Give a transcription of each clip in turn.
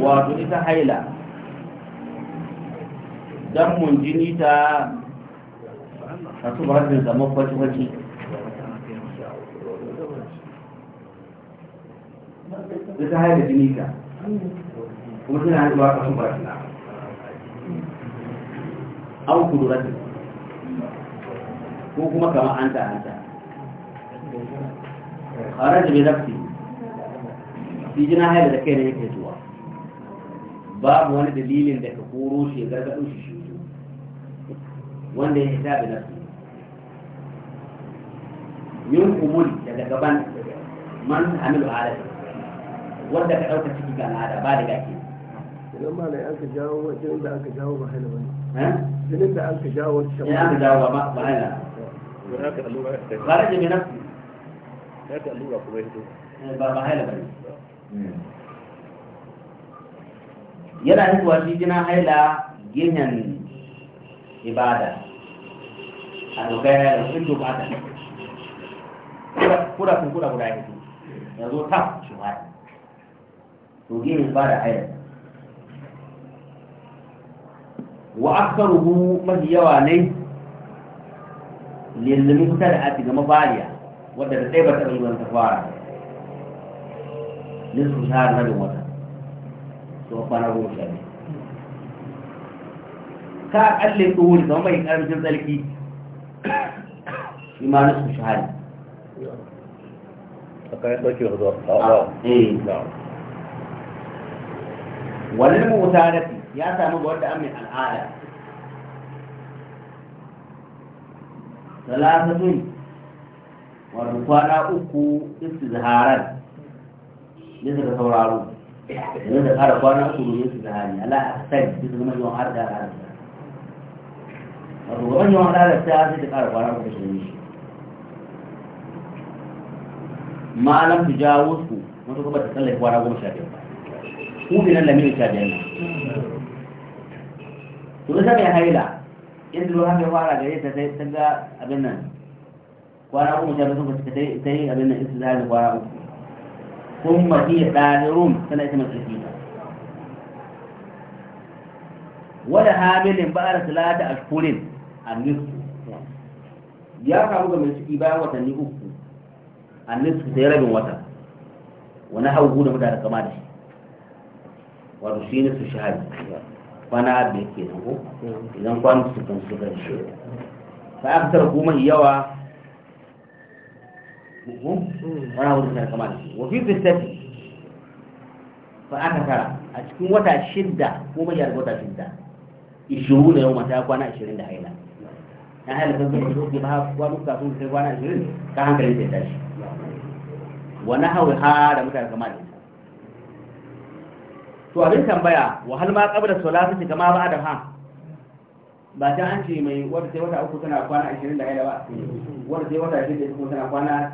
wato ita haila dan mun jini ta a su ba zama kwaci-kwaci ita haila jini ta kuma suna ba kasu ba su na an ta, ko kuma kama an ta an ta ƙarar da bai zafi fi jina haila da kai ne yake zuwa باب وانا دليل ان ده كفوروش يقدر تقولش شو شو وانا ده حساب نفسي يوم قبول ده كبان من عملوا على ده وانا ده كعوكا تيجي كان على بالي كاكي لما انا انت جاوب جنب انت جاوب حلو ها جنب انت جاوب شو انا جاوب ما بعينا خرج من نفسي هذا اللي هو كويس بابا هلا بني yana haihuwa shi jina haila gehen ibada a dokai haila sun doka ta kura kun kura guda ya ya zo ta shi haila to gehen ibada haila wa aksaruhu mafi yawa ne lillimi kusa da ati ga mafariya wadda da tsaye ba ta ɗan zuwan ta fara nisu shahar rabin wata to kwana goma sha biyu ka kalle tsohon zama mai karancin tsarki imanin su shahari wani mota da ya samu ga wanda amin al'ada talatatun wadda kwana uku istizharar bisa da sauraro yanzu da fara kwana uku domin su da hali ala a sai su zama yawan har da har da wato gaban yawan har da ta sai da fara kwana uku da shi malam su jawo su wata kuma ta tsallake kwana goma sha biyar ba ku ne nan lamirin sha biyar nan su da mai haila yanzu ruwa haka ya fara gare ta sai ta ga abin nan kwana uku sha biyar sun ta yi abin nan istizali kwana uku ثم هي ظاهر سنة اسم الكثير ولا هامل بعد ثلاثة أشهر النصف يا كابوكا من سكي بايا وتني النصف سيرا من وطن ونحوه نمدى لكما دشي wato shi ne فانا shahari kwana da ke nan ko idan kwanu su kan su wani abu da kama da shi wafi fi fitati fa aka tara a cikin wata shidda ko bai yarda wata shidda ishiru da yau mata kwana ashirin da haila na haila kan kuma shi ba kwa duka sun kai kwana ashirin ka hankalin sai tashi Wani hawa ha da mutane kama da shi. to abin tambaya wahal ma qabla salati kama ba da ha ba ta an ce mai wata sai wata uku tana kwana ashirin da haila ba wata sai wata shida kuma tana kwana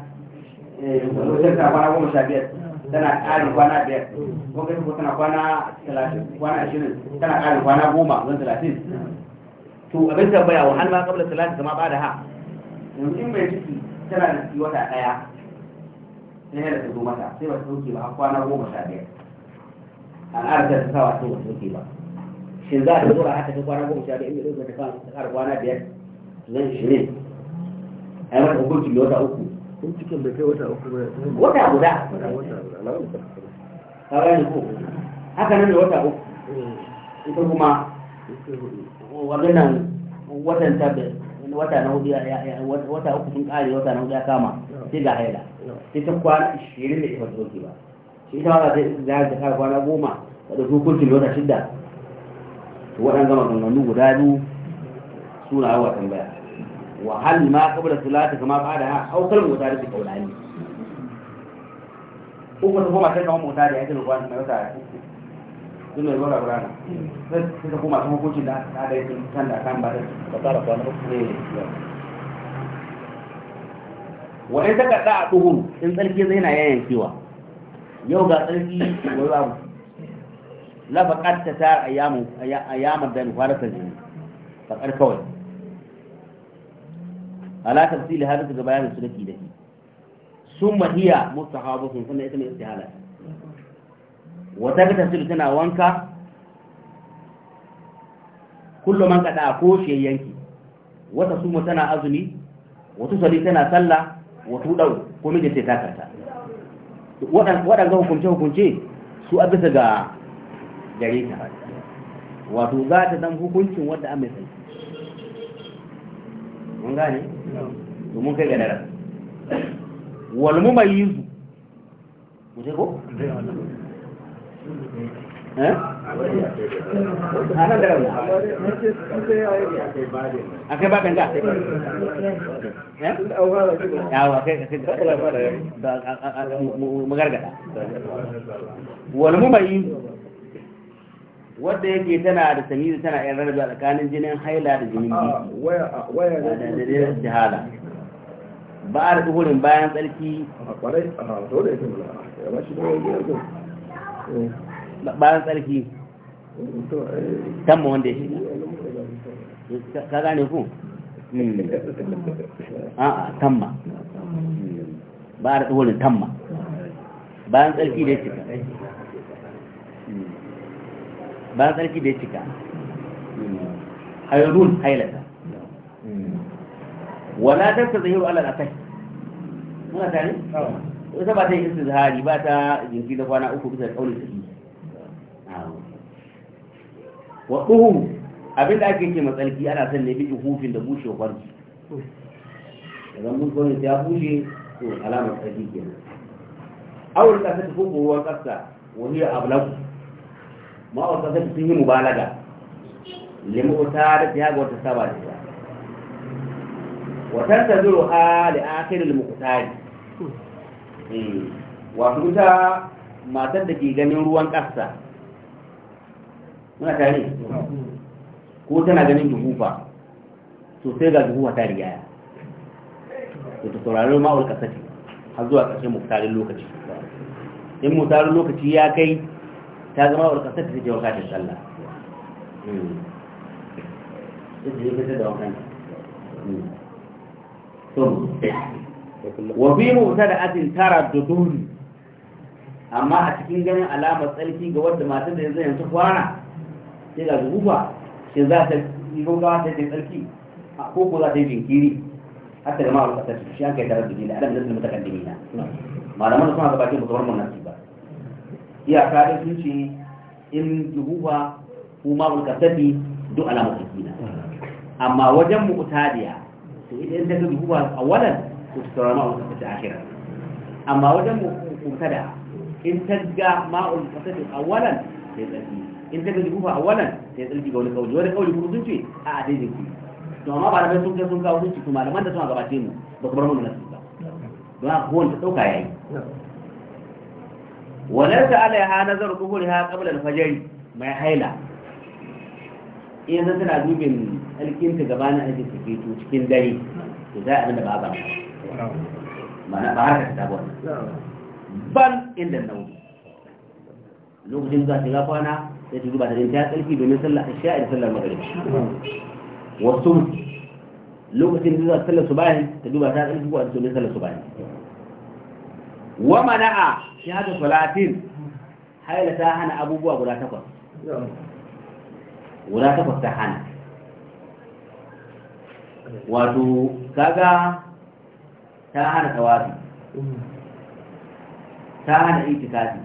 wajen tana kwana goma sha biyar tana ƙarin kwana biyar lokacin ko tana kwana talatin kwana ashirin tana ƙarin kwana goma zan talatin to abin tambaya wa hannu ma kabla talatin kama ba da ha yanzu in mai ciki tana da ciki wata ɗaya sai ya ta zo mata sai ba ta sauke ba har kwana goma sha biyar al'adar ta sawa sai ba ta sauke ba shin za ta zura haka ta kwana goma sha biyar in mai ɗauka ta kwana biyar zan shirin a yi mata hukunci da wata uku in cikin bai kai wata uku ba wata guda ka gane haka nan da wata uku eh. ita kuma wannan nan watan tabbas wata na hudu wata uku sun kare wata na hudu ya kama sai ga haila ita kwana shirin da ita doki ba shi ta ba zai za ta kwana goma da hukuncin wata shidda waɗanda maganganu guda biyu suna yawa tambaya wa hal ma qabla salati kama ba'daha aw kal mutari bi qawlani ko ko sai kawo mutari ya ce ruwan mai wata sun ruwan gwada sai suka koma ta hukunci da aka da yakin can da kan ba ta ba tsara kwana uku wa in saka da a duhu in tsarki zai na yayin kewa yau ga tsarki wai babu la faqad ta ayyamar ayyamu ayyamu da ne ta kawai ala tafsili hadisi ga bayanin su daki daki summa hiya mustahabatun sannan ita ne istihala wata ga tafsiri tana wanka kullum man kada ko shi yanki wata suma tana azumi wata sali tana sallah wata dau ko mijin sai takarta ga hukunce hukunce su a bisa ga gare ta wato za ta dan hukuncin wadda an mai sarki mun gane to mun kai ga daren wal mumayyizu mu je ko eh ana da daren akai ba kan kanta eh ya wa kai kai da magargada wal mumayyizu wadda yake tana da da tana yan rarraba tsakanin jinin haila da jinin biyu ah, ah, da jihala ba a da wurin bayan tsarki bayan tsarki eh. tamma wanda ya shiga ka gane ku? Hmm. a ah, tamma ba a da wurin tamma bayan tsarki da ya shiga ba sarki da ya cika hairun hailata wala ta ta zahiru ala kai muna tare ita ba ta yi zahari, ba ta jinki da kwana uku bisa kauli yi wa abin da ake ce matsalki ana son ne bijin hufin da bushe kwarki idan mun kone ta bushe to alamar tsarki kenan awul ta ko ruwan kasta wani ablaku ma wata zai sun yi mubalaga limu ta da ta ga wata saba da ita wata ta zuru ha da akirin mukutari eh, wato ita matar da ke ganin ruwan ƙasa muna tare ko tana ganin juhufa sosai ga juhufa ta rigaya da ta saurari ma'ul ƙasa ce har zuwa ƙarshen muktarin lokaci in muktarin lokaci ya kai ta zama warkar ta take wanka ta sallah hmm. hmm. wa fi mubtada'atin taraddudun amma a cikin ganin alamar tsarki ga wadda matan da yanzu yanzu kwana sai ga zuba shi za ta yi gaugawa ta yi tsarki ko ko za ta yi jinkiri hatta da ma'aurata ta shi an kai tare da jini adam da su mutakaddimi na malaman suna gabatin mutuwar munasi iyaka da sun ce in duhuwa kuma kasafi duk alamar sakina amma wajen mu'tadiya to idan ta ga duhuwa awalan to ta saurama a bulkasafi akhiran amma wajen mu'tada in ta ga ma'ul kasafi awalan ta yi tsarki in ta ga duhuwa awalan ta yi tsarki ga wani kauli wani kauli kuma sun ce a a ku to amma ba da sun ga sun kawo sun ce to malaman da suna gabace mu ba su bar mu nasu ba don haka kowanne ta ɗauka yayi walar ta alaiha nazar kuhuriha haƙa al-fajr mai haila in zai tana dubin alkinta gabanin aikin su to cikin dare to za a abin da ba ba mana ba harka ta ba ban inda na wuce lokacin zuwa shiga kwana sai ta duba da ya tsarki domin sallar isha da sallar maghrib wasu lokacin zuwa sallar su bayan ta duba ta tsarki ko domin sallar su bayan wa mana'a shahada salatin haila ta hana abubuwa guda takwas guda takwas ta hana wato kaga ta hana tawafi ta hana itikafi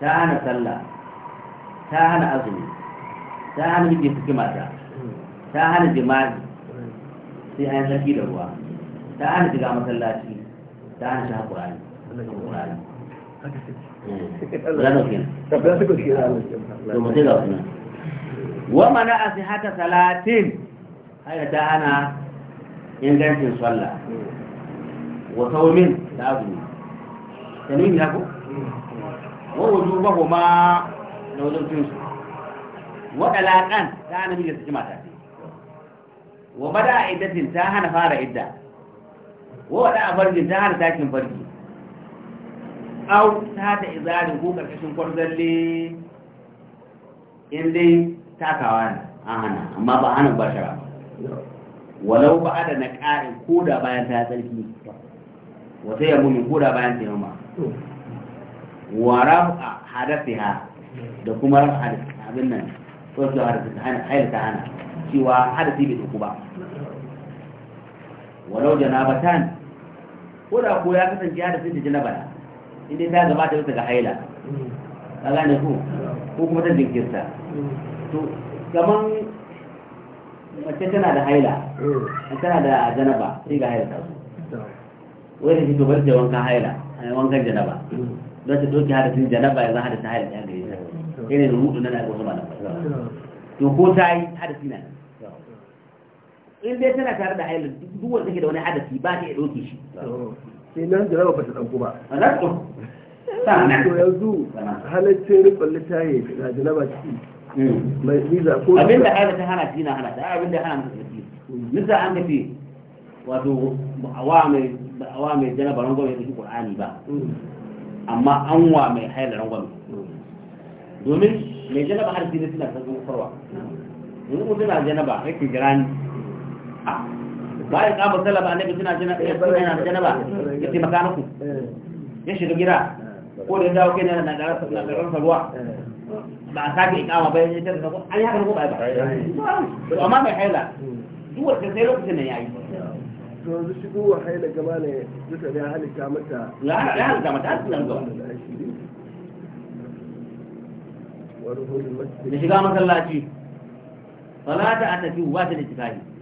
ta hana sallah ta hana azumi ta hana mijin suke mata ta hana jima'i sai an sarki da ruwa ta hana shiga masallaci ta hana shahar ƙurani Eh, wa mana a fi hata talatin haida ta ana ingancin sallah wa saumin da azumi tanin ya ku wa wuju ba kuma da wajen cinsu wa ɗalaƙan ta ana mijin su mata wa bada a iddatin ta hana fara idda wa wada a farjin ta hana takin farji au ta da izarin ko karkashin kwarzalle in dai takawa ne a hana amma ba hana ba shara walau ba da na ƙarin koda bayan ta tsarki wata yabo min koda bayan ta yamma wa rafa hadafiha da kuma rafa abin nan wasu hadafi ta hana cewa hadasi bai duku ba walau janabatan ko da ko ya kasance hadasi da janabata inda ta ta bisa ga haila ka gane ku ko kuma ta jinkirta to kaman mace tana da haila mm. tana da janaba sai ga haila ta wani shi to fito da wankan haila wankan janaba mm. don ta doki hadisin janaba ya zan ta haila ta yi mm. ne da rubutu na da na malamai to ko ta yi hadisi na in dai tana tare da haila duk wanda take da wani hadisi ba ta ya doki shi Sai kenan jaraba ba ta ɗauku ba to yanzu halittar rikon littaye na jaraba ciki hmm. mai niza ko abin da hana ta hana shi na hana ta abin da hana mata tsaki nisa an tafi wato awa mai awa mai jaraba rangwame da shi qur'ani ba hmm. amma an wa mai hayar haila rangwame hmm. domin mai jaraba har jini suna sarkin farwa in mutum na jaraba yake jirani ah. bayan kamun sallah ba annabi suna jina ɗaya eh, suna yana da janaba ya taimaka muku eh. ya shiga gida eh. ko da ya dawo kai na na garin ruwa ba a sake ikama ba ya tafi sako an yi haka ko ba ba amma mai haila hmm. duk wata sai lokacin nan yayi to yanzu shigo wa haila gaba ne duka ne halitta mata ya halitta mata gaba da shiga masallaci salata a tafi wata da tikahi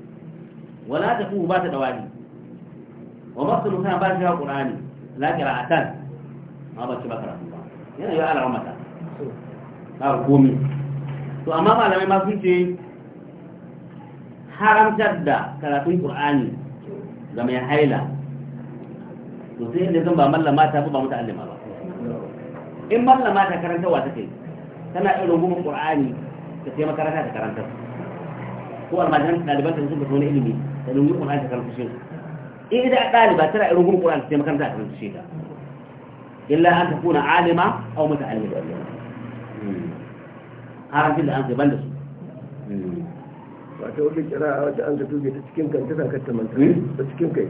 wala ta fuhu ba ta dawani wa masalu kana ba ta qur'ani la qira'atan ma ba ta bakara ba yana yi ala ramata ba komi to amma malamai ma sun ce haramtar da karatun qur'ani ga mai haila to sai inda zan ba mallama ta ba muta'allima ba in mallama ta karantawa take tana irin gumin qur'ani ta ce makaranta ta karanta ko almajiran ɗaliban ta sun ka wani ilimi da rungin ƙur'ani ta karanta ku in ita a ɗaliba tana rungin ƙur'ani ta makaranta a karanta shi ta illa an ta kuna alima au mata alima haramcin da an gaban da su wata wani kira a wata an ka tuge ta cikin kan ta sa ka tamanta hmm? ta cikin kai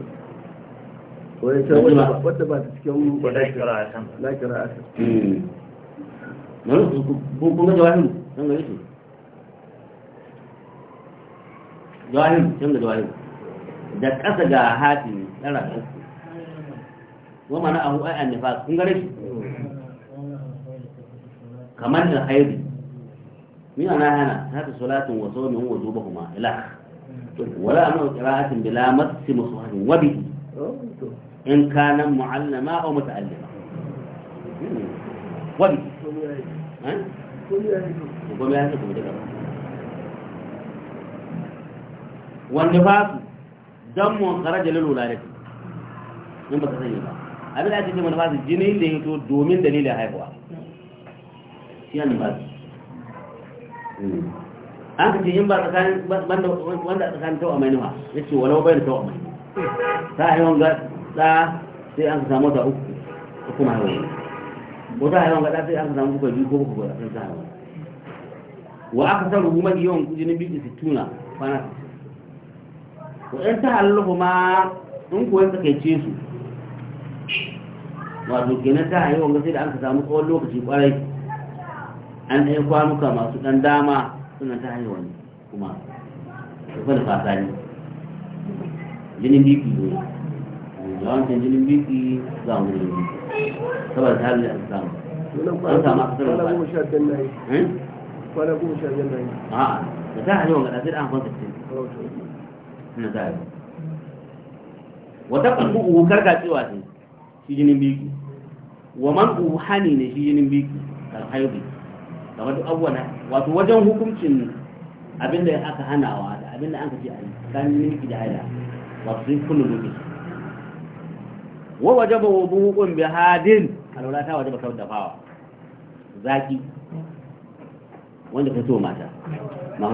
wani ta wadda ba ta cikin wadda kira a san na kira a san kun ga jawahiru can gare su jawahiru can ga jawahiru da ƙasa ga hatimi ɗara da uku wa mana ahu ai an nifas kun gare shi kamar da haidi mina na hana haka salatin wa saumin wa zuba kuma ila wala amma qira'atin bila matsi musahin wa bihi in kana mu'allama aw muta'allima wa bihi wanda ba su dan mu kara jalil wuladati in ba ka sani ba abin da ake ce manufa su jini da hito domin dalilin haihuwa shi ne ba an ka ce in ba tsakanin wanda a tsakanin tawa mai nuwa ya ce walau bayan da tawa mai ta haihuwan ga ɗa sai an ka samu ta uku kuma haihuwa ko ta haihuwan ga ɗa sai an ka samu kuka biyu ko kuka sun ta haihuwa wa aka san rubu mai yawan jini biyu da tuna kwana in ta halluhu ma in kuwa tsakaice su wato kenan ta wanga sai da aka samu tsawon lokaci kwarai an ɗaya kwanuka masu ɗan dama suna ta wani kuma da fasa ne jinin biki ne yawancin jinin biki za mu jinin biki saboda ta halin da aka samu an samu aka sanar da sha biyar na yi hmm? kwana sha biyar na yi a'a da ta haihuwan gasai da aka kwanta ce na zai wata kalbu uhu karkacewa ce shi jinin biki wa man uhu hani ne shi jinin biki alhaibi da wata abuwa wato wajen hukuncin abinda aka hanawa da abinda an ka a yi jinin biki da haida wato sun kullum lokaci wa ba wa hukun bi hadin alwala ta ba kawai dafawa zaki wanda ka so mata ma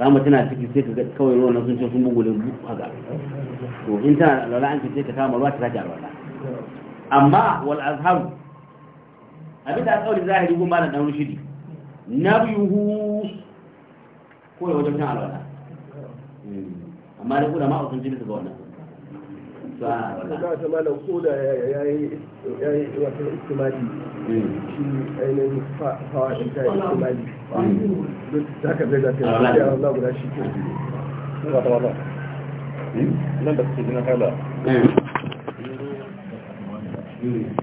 rama tana ciki sai ka kawai ruwan nan sun ce sun bugu da haka to in tana alwala an ce sai ka kama ruwa ta sake alwala amma wal azhar abin da kauli zahiri gun malam dan rushidi nabiyuhu ko ya wajen alwala hmm. amma da kuma ma'a sun ji bisa ga wannan ba ta malam ko da ya yi wata istimali hmm. shi ainihin fawa in ta istimali hmm. duk ka zai zafi ya Allah guda shi ke hmm? da